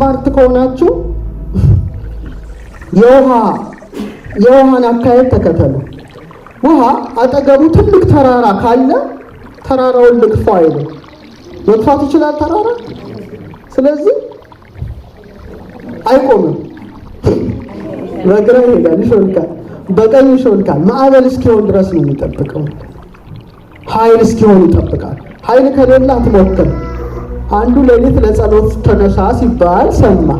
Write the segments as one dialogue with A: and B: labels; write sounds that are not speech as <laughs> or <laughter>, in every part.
A: ስማርት ከሆናችሁ የውሃ የውሃን አካሄድ ተከተሉ። ውሃ አጠገቡ ትልቅ ተራራ ካለ ተራራውን ልቅፎ አይልም። መጥፋት ይችላል ተራራ። ስለዚህ አይቆምም። በግራ ይሄዳል፣ ይሾልካል፣ በቀኝ ይሾልካል። ማዕበል እስኪሆን ድረስ ነው የሚጠብቀው። ኃይል እስኪሆን ይጠብቃል። ኃይል ከሌለ አትሞክር። አንዱ ሌሊት ለጸሎት ተነሳ ሲባል ሰማ።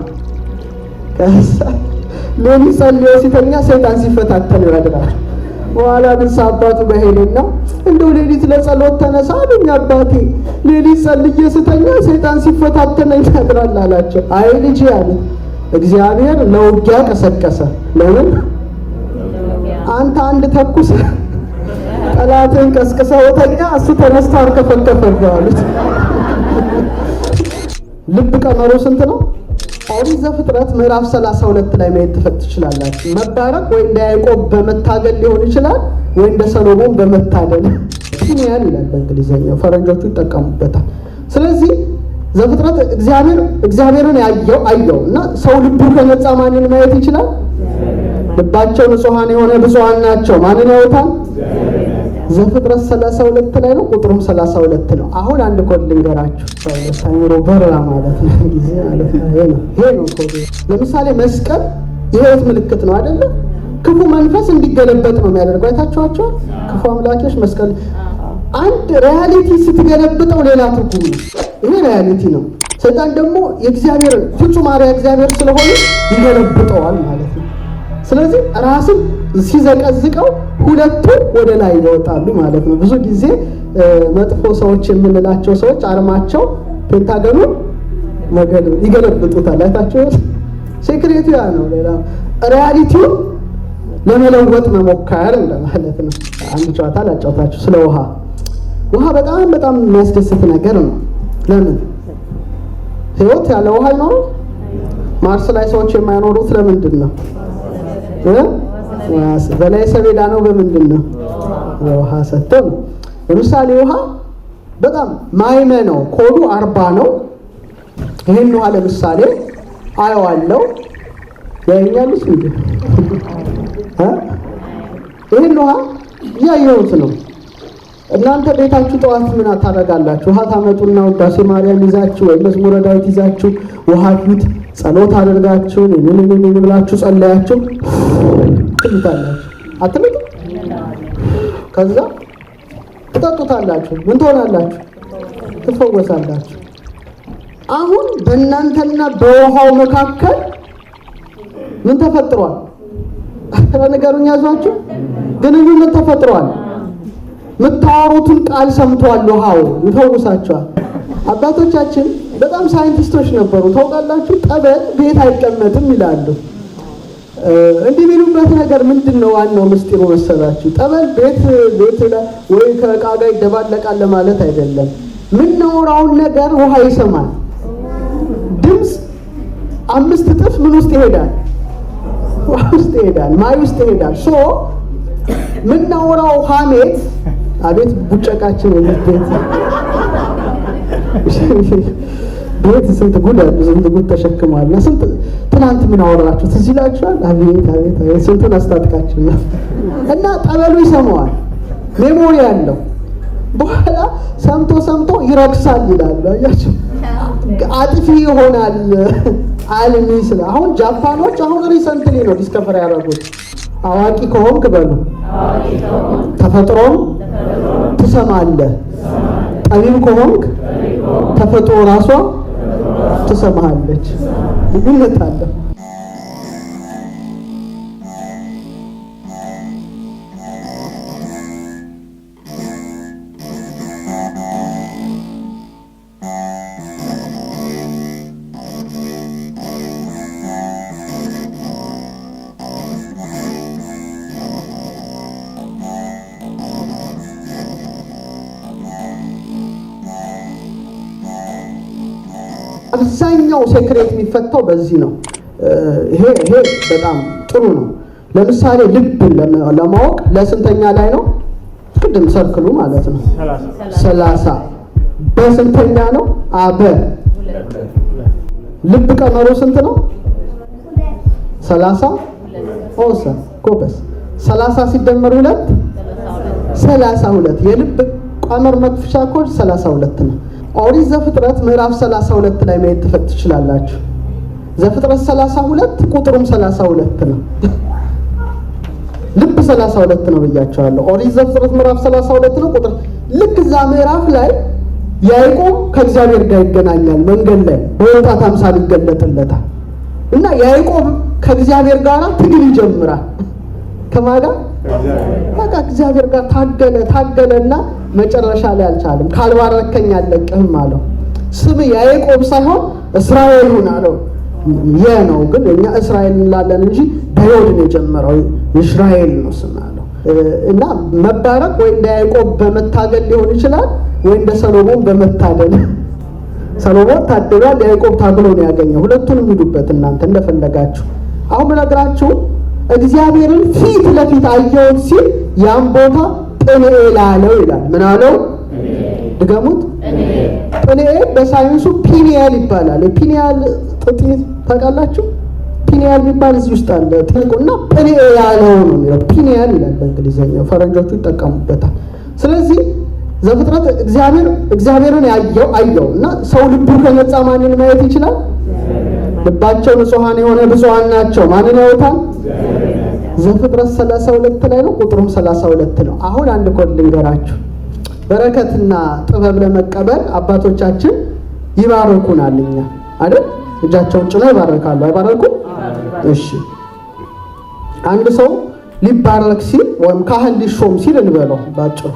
A: ሌሊት ጸልዮ ሲተኛ ሰይጣን ሲፈታተን ያድራል። በኋላ ንስ አባቱ በሄድና እንደው ሌሊት ለጸሎት ተነሳ አሉኝ አባቴ፣ ሌሊት ጸልዬ ስተኛ ሰይጣን ሲፈታተነኝ ያድራል አላቸው። አይ ልጅ አለ እግዚአብሔር ለውጊያ ቀሰቀሰ። ለምን አንተ አንድ ተኩስ ጠላትን ቀስቅሰ ወተኛ እሱ ተነስተ አርከፈከፈ አሉት። ልብ ቀመሮ ስንት ነው? ኦሪት ዘፍጥረት ምዕራፍ 32 ላይ ማየት ትችላላችሁ። መባረቅ ወይ እንደ ያዕቆብ በመታገል ሊሆን ይችላል ወይ እንደ ሰሎሞን በመታደል ፒኒያን ይላል በእንግሊዝኛው፣ ፈረንጆቹ ይጠቀሙበታል። ስለዚህ ዘፍጥረት እግዚአብሔር እግዚአብሔርን ያየው አየው እና ሰው ልቡ ከነጻ ማንን ማየት ይችላል? ልባቸው ንጹሐን የሆነ ብፁዓን ናቸው ማንን ያወታል? ዘፍጥረት 32 ላይ ነው፣ ቁጥሩም 32 ነው። አሁን አንድ ኮድ ልንገራችሁ። ሳይሮ በረራ ማለት ነው ጊዜ ማለት ነው። ይሄ ነው ኮድ። ለምሳሌ መስቀል የህይወት ምልክት ነው አይደለ? ክፉ መንፈስ እንዲገለበጥ ነው የሚያደርገው። አይታችኋቸዋል? ክፉ አምላኪዎች መስቀል አንድ ሪያሊቲ ስትገለብጠው ሌላ ትርጉም ነው። ይሄ ሪያሊቲ ነው። ሰይጣን ደግሞ የእግዚአብሔር ፍጹም አርአያ እግዚአብሔር ስለሆነ ይገለብጠዋል ማለት ነው። ስለዚህ ራስን ሲዘቀዝቀው ሁለቱ ወደ ላይ ይወጣሉ ማለት ነው። ብዙ ጊዜ መጥፎ ሰዎች የምንላቸው ሰዎች አርማቸው ፔንታገኑ ፔንታገኑን ይገለብጡታል። አይታችሁ ሴክሬቱ ያ ነው። ሌላ ሪያሊቲውን ለመለወጥ መሞከር እንደማለት ነው። አንድ ጨዋታ ላጫውታችሁ ስለ ውሃ። ውሃ በጣም በጣም የሚያስደስት ነገር ነው። ለምን ህይወት ያለ ውሃ ይኖራል? ማርስ ላይ ሰዎች የማይኖሩት ለምንድን ነው? በላይ ሰሌዳ ነው። በምንድን ነው? በውሃ ሰጥተው ለምሳሌ ውሃ በጣም ማይመ ነው። ኮዱ አርባ ነው። ይህን ውሃ ለምሳሌ አየዋለው ያየኛሉስ እንዲ ይህን ውሃ እያየሁት ነው። እናንተ ቤታችሁ ጠዋት ምን ታደርጋላችሁ? ውሃ ታመጡና ውዳሴ ማርያም ይዛችሁ ወይም መዝሙረ ዳዊት ይዛችሁ ውሃ ፊት ጸሎት አድርጋችሁ ብላችሁ ጸለያችሁ ትሉታላችሁ አትምጡ። ከዛ ትጠጡታላችሁ። ምን ትሆናላችሁ? ትፈወሳላችሁ። አሁን በእናንተና በውሃው መካከል ምን ተፈጥሯል? ነገሩን ያዟችሁ። ግንኙነት ተፈጥሯል። የምታወሩትን ቃል ሰምቷል። ውሃው ይፈውሳቸዋል። አባቶቻችን በጣም ሳይንቲስቶች ነበሩ። ታውቃላችሁ፣ ጠበል ቤት አይቀመጥም ይላሉ። እንዲህ የሚሉበት ነገር ምንድን ነው ዋናው ምስጢሩ መሰላችሁ? ጠበል ቤት ቤት ወይ ከእቃ ጋር ይደባለቃል ማለት አይደለም። የምናወራውን ነገር ውሃ ይሰማል። ድምፅ አምስት እጥፍ ምን ውስጥ ይሄዳል? ውሃ ውስጥ ይሄዳል። ማይ ውስጥ ይሄዳል። ሶ የምናወራው ሀሜት አቤት ቡጨቃችን የቤት <laughs> ቤት ስንት ጉድ ስንት ጉድ ተሸክሟል። ስንት ትናንት ምን አወራችሁ ትዝ ይላችኋል? አቤት አቤት አቤት ስንቱን አስታጥቃችሁ እና ጠበሉ ይሰማዋል። ሜሞሪ ያለው በኋላ ሰምቶ ሰምቶ ይረክሳል ይላል። አያችሁ አጥፊ ይሆናል አልሚ ስለ አሁን ጃፓኖች አሁን ሪሰንትሊ ነው ዲስከቨር ያደረጉት አዋቂ ከሆንክ በሉ ተፈጥሮም ትሰማለህ፣ ጠቢብ ከሆንክ ተፈጥሮ ራሷ ትሰማሃለች። 你真的谈了。አብዛኛው ሴክሬት የሚፈታው በዚህ ነው። ይሄ ይሄ በጣም ጥሩ ነው። ለምሳሌ ልብን ለማወቅ ለስንተኛ ላይ ነው? ቅድም ሰርክሉ ማለት ነው። ሰላሳ በስንተኛ ነው? አበ ልብ ቀመሩ ስንት ነው? ሰላሳ ኦሰ ኮበስ ሰላሳ ሲደመር ሁለት ሰላሳ ሁለት የልብ ቀመር መክፈቻ ኮድ ሰላሳ ሁለት ነው። ኦሪት ዘፍጥረት ምዕራፍ 32 ላይ ማየት ትፈት ትችላላችሁ። ዘፍጥረት 32 ቁጥሩም 32 ነው። ልብ 32 ነው ብያቸዋለሁ። ኦሪት ዘፍጥረት ምዕራፍ 32 ነው ቁጥር ልክ እዛ ምዕራፍ ላይ ያዕቆብ ከእግዚአብሔር ጋር ይገናኛል። መንገድ ላይ በወጣት አምሳል ይገለጥለታል እና ያዕቆብ ከእግዚአብሔር ጋር ትግል ይጀምራል ከማን ጋር በቃ እግዚአብሔር ጋር ታገለ ታገለና መጨረሻ ላይ አልቻለም። ካልባረከኝ አልለቅህም አለው። ስም ያዕቆብ ሳይሆን እስራኤል ሁን አለው። ይህ ነው ግን እኛ እስራኤል እንላለን እንጂ ዳዊት ነው የጀመረው እስራኤል ነው ስም አለው። እና መባረክ ወይ እንደ ያዕቆብ በመታገል ሊሆን ይችላል ወይ እንደ ሰሎሞን በመታደል ሰሎሞን ታድሏል፣ ያዕቆብ ታግሎ ነው ያገኘው። ሁለቱንም ሂዱበት እናንተ እንደፈለጋችሁ አሁን ብነግራችሁ እግዚአብሔርን ፊት ለፊት አየሁት ሲል ያም ቦታ ጵንኤል አለው ይላል። ምን አለው? ድገሙት። ጵንኤል በሳይንሱ ፒኒያል ይባላል። የፒኒያል ጥጥ ታውቃላችሁ? ፒኒያል የሚባል እዚህ ውስጥ አለ ጥልቁና ጵንኤል ያለው ነው የሚለው ፒኒያል ይላል በእንግሊዝኛው፣ ፈረንጆቹ ይጠቀሙበታል። ስለዚህ ዘፍጥረት እግዚአብሔር እግዚአብሔርን ያየው አየው እና ሰው ልቡ ከነጻ ማንን ማየት ይችላል? ልባቸው ንጹሐን የሆነ ብፁዓን ናቸው። ማንን ያውታል? ዘፍጥረት 32 ላይ ነው፣ ቁጥሩም 32 ነው። አሁን አንድ ኮድ ልንገራችሁ። በረከትና ጥበብ ለመቀበል አባቶቻችን ይባርኩናል። እኛ አይደል እጃቸውን ጭኖ ይባርካሉ። አይባረኩም? እሺ አንድ ሰው ሊባረክ ሲል ወይም ካህን ሊሾም ሲል እንበለው ባጭሩ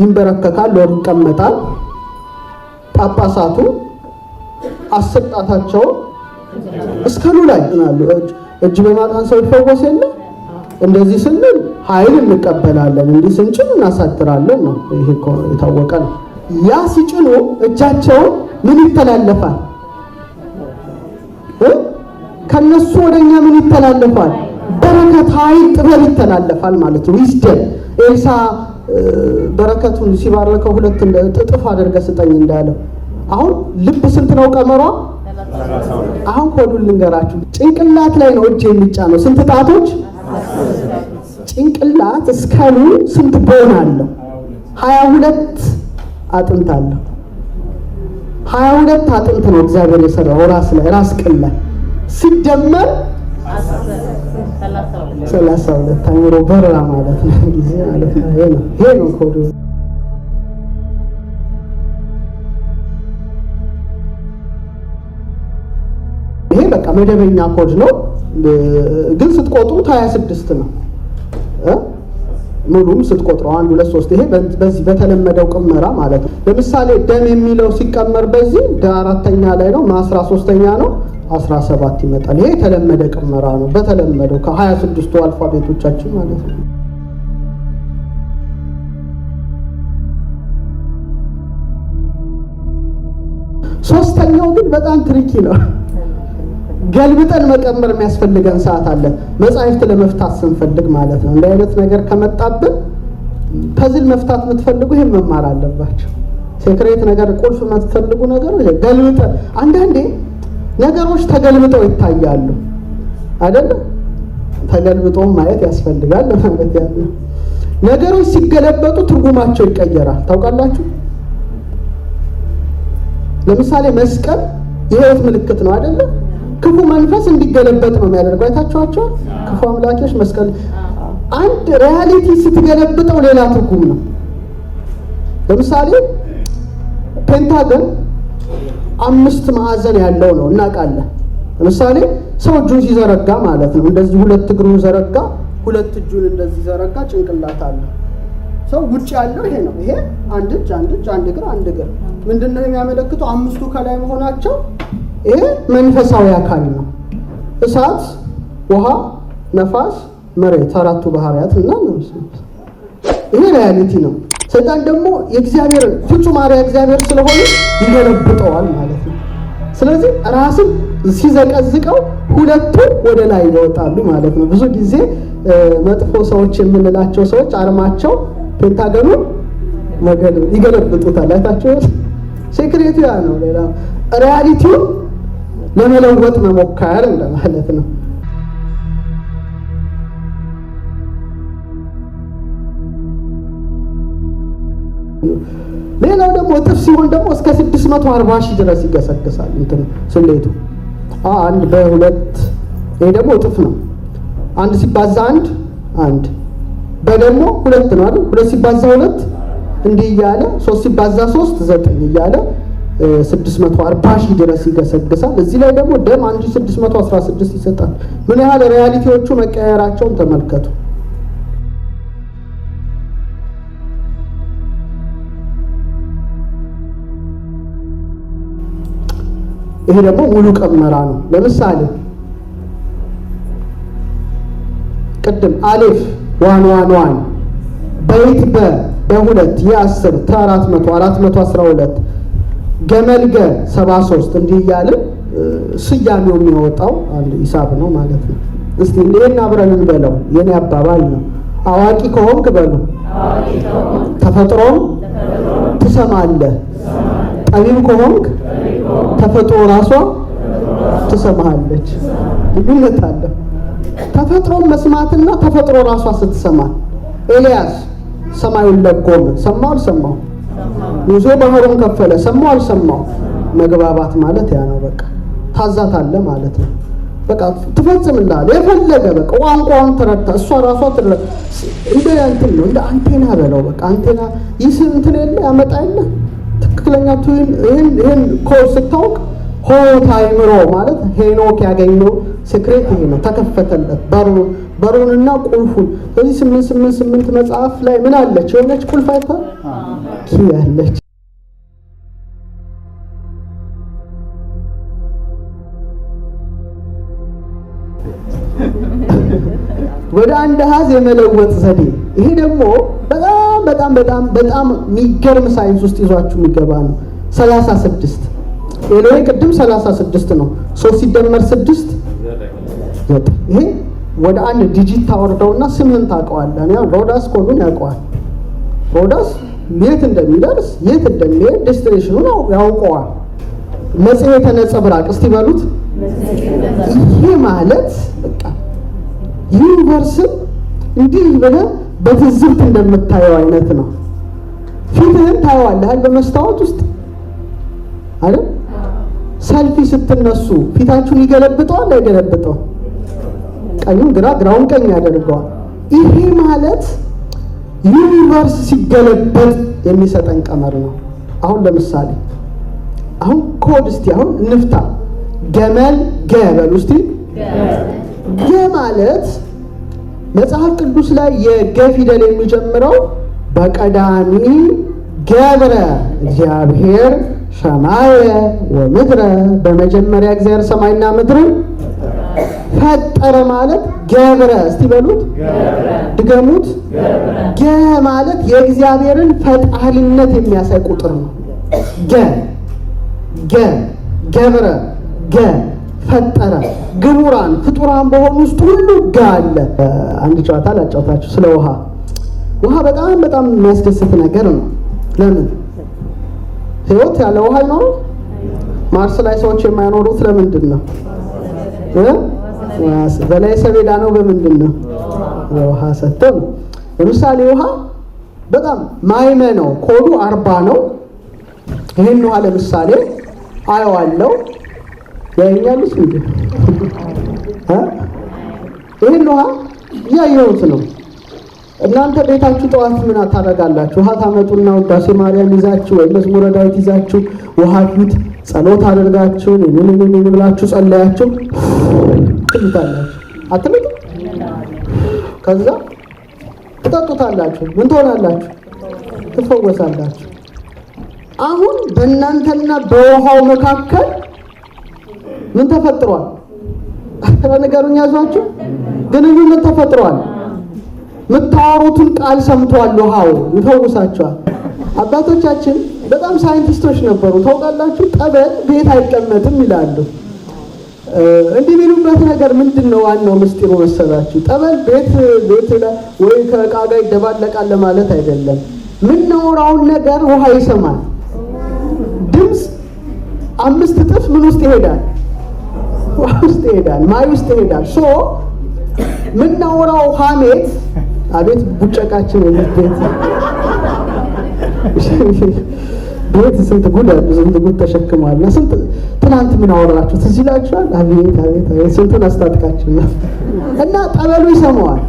A: ይንበረከካል፣ ወር ይቀመጣል። ጳጳሳቱ አስር ጣታቸውን እስከ ሉ ላይ እጅ በማጣን ሰው ይፈወስ የለ። እንደዚህ ስንል ኃይል እንቀበላለን፣ እንዲህ ስንጭን እናሳድራለን ነው። ይሄ የታወቀ ነው። ያ ሲጭኑ እጃቸውን ምን ይተላለፋል? ከነሱ ወደኛ ምን ይተላለፋል? በረከት፣ ኃይል፣ ጥበብ ይተላለፋል ማለት ነው። ዊዝደም ኤልሳ በረከቱን ሲባረከው ሁለት እጥፍ አድርገህ ስጠኝ እንዳለው አሁን ልብ ስንት ነው ቀመሯ? አሁን ኮዱን ልንገራችሁ። ጭንቅላት ላይ ነው እጅ የሚጫነው። ስንት ጣቶች? ጭንቅላት እስከሉ ስንት ቦን አለው? ሀያ ሁለት አጥንት አለው። ሀያ ሁለት አጥንት ነው እግዚአብሔር የሰራው ራስ ላይ ራስ ቅል ላይ ሲደመር ሰላሳ ሁለት አይምሮ በራ ማለት ነው ጊዜ ማለት ነው። ይሄ ነው ኮዱ መደበኛ ኮድ ነው፣ ግን ስትቆጥሩት 26 ነው። ሙሉም ስትቆጥረው አንድ ሁለት ሶስት ይሄ በዚህ በተለመደው ቅመራ ማለት ነው። ለምሳሌ ደም የሚለው ሲቀመር በዚህ አራተኛ ላይ ነው፣ አስራ ሶስተኛ ነው 17 ይመጣል። ይሄ የተለመደ ቅመራ ነው፣ በተለመደው ከ26ቱ አልፋቤቶቻችን ማለት ነው። ሶስተኛው ግን በጣም ትሪኪ ነው። ገልብጠን መቀመር የሚያስፈልገን ሰዓት አለ። መጽሐፍት ለመፍታት ስንፈልግ ማለት ነው። እንደ አይነት ነገር ከመጣብን ፐዝል መፍታት የምትፈልጉ ይህን መማር አለባቸው። ሴክሬት ነገር፣ ቁልፍ የምትፈልጉ ነገሮች ገልብጠን አንዳንዴ ነገሮች ተገልብጠው ይታያሉ አይደለም። ተገልብጦ ማየት ያስፈልጋል ማለት ያለ ነገሮች ሲገለበጡ ትርጉማቸው ይቀየራል። ታውቃላችሁ ለምሳሌ መስቀል የህይወት ምልክት ነው አይደለም ክፉ መንፈስ እንዲገለበጥ ነው የሚያደርገው። አይታችኋቸዋል። ክፉ አምላኪዎች መስቀል አንድ ሪያሊቲ ስትገለብጠው ሌላ ትርጉም ነው። ለምሳሌ ፔንታገን አምስት ማዕዘን ያለው ነው እናውቃለን። ለምሳሌ ሰው እጁን ሲዘረጋ ማለት ነው እንደዚህ ሁለት እግሩን ዘረጋ፣ ሁለት እጁን እንደዚህ ዘረጋ፣ ጭንቅላት አለ። ሰው ውጭ ያለው ይሄ ነው። ይሄ አንድ እጅ አንድ እጅ አንድ እግር አንድ እግር ምንድነው የሚያመለክተው? አምስቱ ከላይ መሆናቸው ይሄ መንፈሳዊ አካል ነው። እሳት፣ ውሃ፣ ነፋስ፣ መሬት አራቱ ባህሪያት እና ይሄ ሪያሊቲ ነው። ሰይጣን ደግሞ የእግዚአብሔር ፍጹም ማርያ እግዚአብሔር ስለሆነ ይገለብጠዋል ማለት ነው። ስለዚህ ራስን ሲዘቀዝቀው ሁለቱ ወደ ላይ ይወጣሉ ማለት ነው። ብዙ ጊዜ መጥፎ ሰዎች የምንላቸው ሰዎች አርማቸው ፔንታገኑ ይገለብጡታል። አይታቸው ሴክሬቱ ያ ነው። ሌላ ሪያሊቲውን ለመለወጥ መሞከር እንደማለት ነው። ሌላው ደግሞ እጥፍ ሲሆን ደግሞ እስከ 640 ሺህ ድረስ ይገሰግሳል። እንትን ስሌቱ አንድ በሁለት ይሄ ደግሞ እጥፍ ነው። አንድ ሲባዛ አንድ አንድ በደግሞ ሁለት ነው አይደል? ሁለት ሲባዛ ሁለት እንዲህ እያለ ሶስት ሲባዛ ሶስት ዘጠኝ እያለ 640 ሺህ ድረስ ይገሰግሳል። እዚህ ላይ ደግሞ ደም 1616 ይሰጣል። ምን ያህል ሪያሊቲዎቹ መቀየራቸውን ተመልከቱ። ይሄ ደግሞ ሙሉ ቀመራ ነው። ለምሳሌ ቅድም አሌፍ ዋን ዋን ዋን በይት በ በሁለት የአስር ተአራት መቶ አራት መቶ አስራ ሁለት ገመልገ 73 እንዲህ እያልን ስያሜው የሚያወጣው አንድ ሂሳብ ነው ማለት ነው። እስቲ እንዴት አብረን እንበለው። የኔ አባባል ነው። አዋቂ ከሆንክ በሉ ተፈጥሮም ትሰማለህ። ጠቢብ ከሆንክ ተፈጥሮ ራሷ ትሰማለች ልዩነት አለ። ተፈጥሮም መስማትና ተፈጥሮ ራሷ ስትሰማ ኤልያስ ሰማዩን ለጎመ። ሰማው አልሰማው ይዞ ባህሩን ከፈለ። ሰማው አልሰማው መግባባት ማለት ያ ነው። በቃ ታዛታለ ማለት ነው። በቃ ትፈጽምልሃል። የፈለገ በቃ ቋንቋውን ተረድታ እሷ ራሷ ትረ እንደ እንትን ነው እንደ አንቴና በለው በቃ አንቴና ይህ እንትን የለ ያመጣ የለ ትክክለኛ ቱን ይህን ይህን ኮድ ስታውቅ ሆታ አይምሮ ማለት ሄኖክ ያገኘው ሴክሬት ይሄ ነው። ተከፈተለት በሩ በሩንና ቁልፉን። በዚህ ስምንት ስምንት ስምንት መጽሐፍ ላይ ምን አለች የሆነች ቁልፍ አይታል አምላኬ አለች። ወደ አንድ አሃዝ የመለወጥ ዘዴ። ይሄ ደግሞ በጣም በጣም በጣም በጣም የሚገርም ሳይንስ ውስጥ ይዟችሁ የሚገባ ነው። ሰላሳ ኤሎሄ ቅድም ሰላሳ ነው። ሶስት ሲደመር ስድስት ይሄ ወደ አንድ ዲጂት ታወርደውና ስምንት አውቀዋለን። ሮዳስ ኮዱን ያውቀዋል ሮዳስ የት እንደሚደርስ የት እንደሚሄድ ዴስቲኔሽኑን ያውቀዋል። መጽሔተ ነጸብራቅ እስቲ በሉት። ይሄ ማለት በቃ ዩኒቨርስም እንዲህ ብለህ በትዝብት እንደምታየው አይነት ነው። ፊትህን ታየዋለህ በመስታወት ውስጥ አይደል? ሰልፊ ስትነሱ ፊታችሁን ይገለብጠዋል አይገለብጠው ቀኙን ግራ ግራውን ቀኝ ያደርገዋል። ይሄ ማለት ዩኒቨርስ ሲገለበጥ የሚሰጠን ቀመር ነው። አሁን ለምሳሌ አሁን ኮድ እስቲ አሁን ንፍታ ገመል ገበል ውስቲ ገ ማለት መጽሐፍ ቅዱስ ላይ የገ ፊደል የሚጀምረው በቀዳሚ ገብረ እግዚአብሔር ሰማየ ወምድረ፣ በመጀመሪያ እግዚአብሔር ሰማይና ምድርን ፈጠረ ማለት ገብረ፣ እስቲ በሉት ድገሙት። ገ ማለት የእግዚአብሔርን ፈጣሪነት የሚያሳይ ቁጥር ነው። ገ ገ ገብረ ገ ፈጠረ ግቡራን ፍጡራን በሆኑ ውስጥ ሁሉ ገ አለ። አንድ ጨዋታ ላጫውታችሁ ስለ ውሃ። ውሃ በጣም በጣም የሚያስደስት ነገር ነው። ለምን ህይወት ያለ ውሃ ይኖራል? ማርስ ላይ ሰዎች የማይኖሩት ለምንድን ነው? ዋስ በላይ ሰቤዳ ነው። በምንድን ነው? ሰጥተው ነው። ለምሳሌ ውሃ በጣም ማይመ ነው። ኮዱ አርባ ነው። ይህን ውሃ ለምሳሌ አየዋለው ያየኛሉስ እንዴ? ይህን ውሃ እያየሁት ነው። እናንተ ቤታችሁ ጠዋት ምን ታደርጋላችሁ? ውሃ ታመጡና ውዳሴ ማርያም ይዛችሁ ወይ መዝሙረ ዳዊት ይዛችሁ ውሃ ፊት ጸሎት አድርጋችሁ ምን ብላችሁ ጸለያችሁ ትሉታላችሁ አትሉት። ከዛ ትጠጡታላችሁ። ምን ትሆናላችሁ? ትፈወሳላችሁ። አሁን በእናንተና በውሃው መካከል ምን ተፈጥሯል? ነገሩኝ ያዟችሁ። ግንኙነት ተፈጥሯል። የምታወሩትን ቃል ሰምቷል። ውሃው ይፈውሳችኋል። አባቶቻችን በጣም ሳይንቲስቶች ነበሩ። ታውቃላችሁ ጠበል ቤት አይቀመጥም ይላሉ። እንዲህ የሚሉበት ነገር ምንድን ነው? ዋናው ምስጢሩ መሰላችሁ ጠበል ቤት ቤት ወይ ከእቃ ጋር ይደባለቃል ለማለት አይደለም። የምናወራውን ነገር ውሃ ይሰማል። ድምፅ አምስት እጥፍ ምን ውስጥ ይሄዳል? ውሃ ውስጥ ይሄዳል። ማይ ውስጥ ይሄዳል። ሶ የምናወራው ሀሜት አቤት ቡጨቃችን የምትቤት ቤት ስንት ጉድ ስንት ጉድ ተሸክመዋል። እና ስንት ትናንት ምን አወራችሁ ትዝ ይላችኋል? አቤት አቤት አቤት ስንቱን አስታጥቃችሁ እና ጠበሉ ይሰማዋል፣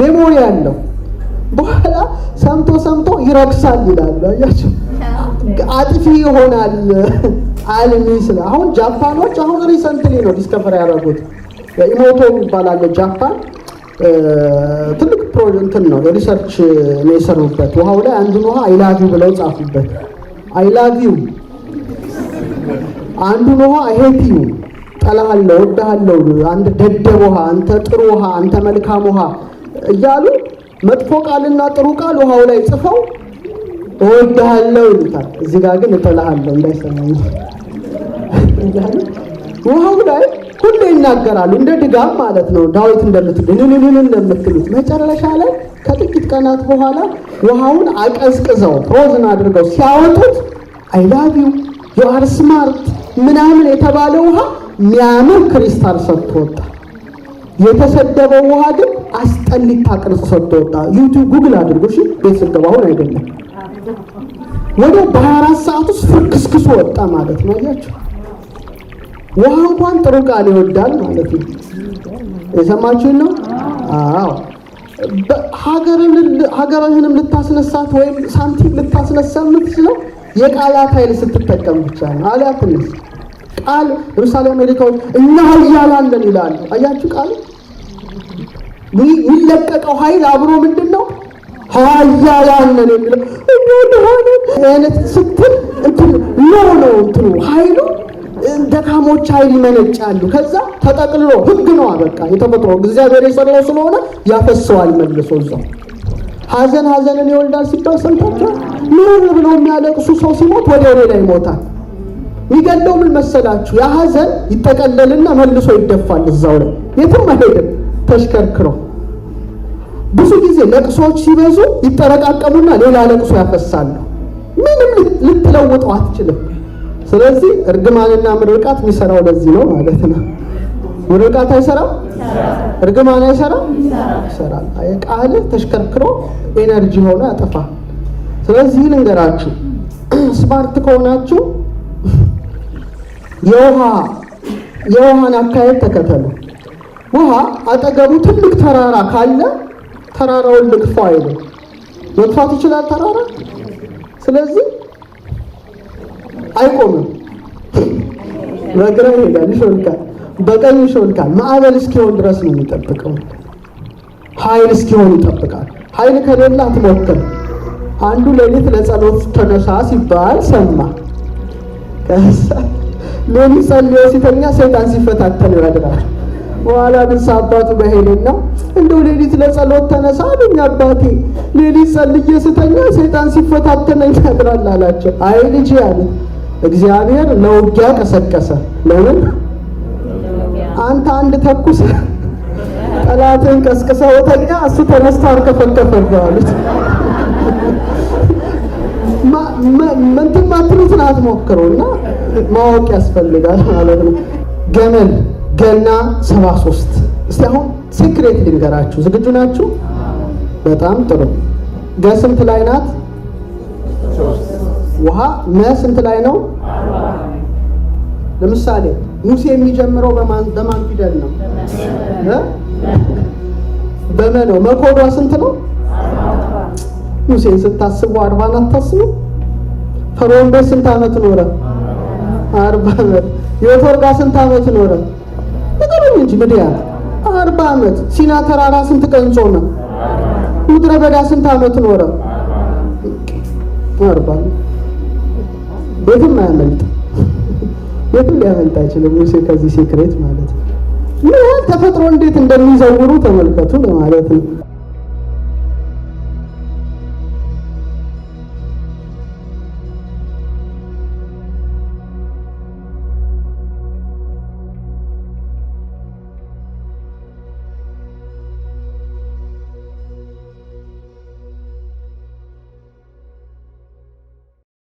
A: ሜሞሪ አለው። በኋላ ሰምቶ ሰምቶ ይረክሳል ይላሉ። አያቸው አጥፊ ይሆናል አልሚ ስለ አሁን ጃፓኖች አሁን ሪሰንትሊ ነው ዲስከቨር ያደረጉት ኢሞቶ ይባላል አለ ጃፓን ትልቅ ፕሮጀክት ነው የሪሰርች ነው የሰሩበት ውሃው ላይ አንዱን ውሃ አይላቪ ብለው ጻፉበት አይ ላቭ ዩ፣ አንዱ ውሃ አይ ሄት ዩ፣ ጠላሃለሁ፣ እወድሃለሁ፣ አንተ ደደብ ውሃ፣ አንተ ጥሩ ውሃ፣ አንተ መልካም ውሃ እያሉ መጥፎ ቃልና ጥሩ ቃል ውሃው ላይ ጽፈው እወድሃለሁ ይሉታል። እዚህ ጋር ግን እጠላሃለሁ እንዳይሰማኝ <laughs> ውሃው ላይ ሁሉ ይናገራሉ። እንደ ድጋም ማለት ነው። ዳዊት እንደምትልንንን እንደምትሉት መጨረሻ ላይ ከጥቂት ቀናት በኋላ ውሃውን አቀዝቅዘው ፕሮዝን አድርገው ሲያወጡት ዩ አር ስማርት ምናምን የተባለ ውሃ ሚያምር ክሪስታል ሰጥቶ ወጣ። የተሰደበው ውሃ ግን አስጠሊታ ቅርጽ ሰጥቶ ወጣ። ዩቱብ ጉግል አድርጎ እሺ፣ ቤት ስገባ አሁን አይደለም ወደ በ24 ሰዓት ውስጥ ፍርክስክሱ ወጣ ማለት ነው። አያችሁ ውሃ እንኳን ጥሩ ቃል ይወዳል ማለት ነው። የሰማችሁን ነው። አዎ ሀገርህንም ልታስነሳት ወይም ሳንቲም ልታስነሳ የምትችለው የቃላት ኃይል ስትጠቀም ብቻ ነው። አሊያ ትንሽ ቃል ለምሳሌ አሜሪካዎች እኛ እያላለን ይላሉ። አያችሁ ቃል የሚለቀቀው ኃይል አብሮ ምንድን ነው? ሀያላነን የሚለው እንደሆነ አይነት ስትል እንትን ነው ነው እንትኑ ኃይሉ ደካሞች ኃይል ይመነጫሉ። ከዛ ተጠቅልሎ ህግ ነዋ በቃ የተፈጥሮ እግዚአብሔር የሰራው ስለሆነ ያፈሰዋል መልሶ እዛው። ሀዘን ሀዘንን ይወልዳል ሲባል ሰምታችኋል። ምን ብለው የሚያለቅሱ ሰው ሲሞት ወደ ሌላ ይሞታል። ይገለው ምን መሰላችሁ? ያ ሀዘን ይጠቀለልና መልሶ ይደፋል እዛው ላይ የትም አይሄድም ተሽከርክሮ። ብዙ ጊዜ ለቅሶዎች ሲበዙ ይጠረቃቀሙና ሌላ ለቅሶ ያፈሳሉ። ምንም ልትለውጠው አትችልም። ስለዚህ እርግማንና ምርቃት የሚሰራው ለዚህ ነው ማለት ነው። ምርቃት አይሰራም፣ እርግማን አይሰራም፣ ይሰራል። ቃል ተሽከርክሮ ኤነርጂ ሆኖ ያጠፋል። ስለዚህ ልንገራችሁ፣ ስማርት ከሆናችሁ የውሃ የውሃን አካሄድ ተከተሉ። ውሃ አጠገቡ ትልቅ ተራራ ካለ ተራራውን ልግፋ አይልም። መግፋት ይችላል ተራራ ስለዚህ አይቆምም። በግራ ይሄዳል፣ ይሾልካል፣ በቀኝ ይሾልካል። ማዕበል እስኪሆን ድረስ ነው የሚጠብቀው። ኃይል እስኪሆን ይጠብቃል። ኃይል ከሌላ አትሞክር። አንዱ ሌሊት ለጸሎት ተነሳ ሲባል ሰማ። ከዛ ሌሊት ጸልዮ ሲተኛ ሰይጣን ሲፈታተነው ያድራል። በኋላ ንስ አባቱ በሄደና እንደው ሌሊት ለጸሎት ተነሳ አሉኝ አባቴ፣ ሌሊት ጸልዬ ስተኛ ሰይጣን ሲፈታተነኝ ያድራል አላቸው። አይ ልጅ አለ እግዚአብሔር ለውጊያ ቀሰቀሰ። ለምን? አንተ አንድ ተኩስ ጠላትን ቀስቅሰ ወተኛ እሱ ተነስቶ አርከፈከፈ አሉት። ምንትን ማትሉትን አትሞክሩ እና ማወቅ ያስፈልጋል ማለት ነው። ገመል ገና ሰባ ሶስት እስቲ አሁን ሴክሬት ልንገራችሁ። ዝግጁ ናችሁ? በጣም ጥሩ። ገስምት ላይ ናት ውሃ መስንት ላይ ነው። ለምሳሌ ሙሴ የሚጀምረው በማን በማን ፊደል ነው? በመ ነው። መኮዷ ስንት ነው? ሙሴን ስታስቡ አርባን አታስቡ። ፈርዖን ቤት ስንት አመት ኖረ? አርባ ዓመት። ዮቶር ጋር ስንት አመት ኖረ? ንገሩኝ እንጂ ምድያት አርባ አመት። ሲና ተራራ ስንት ቀን ጾመ? ምድረ በዳ ስንት አመት ኖረ? አርባ የትም አያመልጥ የትም ሊያመልጥ አይችልም። ሙሴ ከዚህ ሴክሬት ማለት ነው። ይህ ተፈጥሮ እንዴት እንደሚዘውሩ ተመልከቱ ለማለት ነው።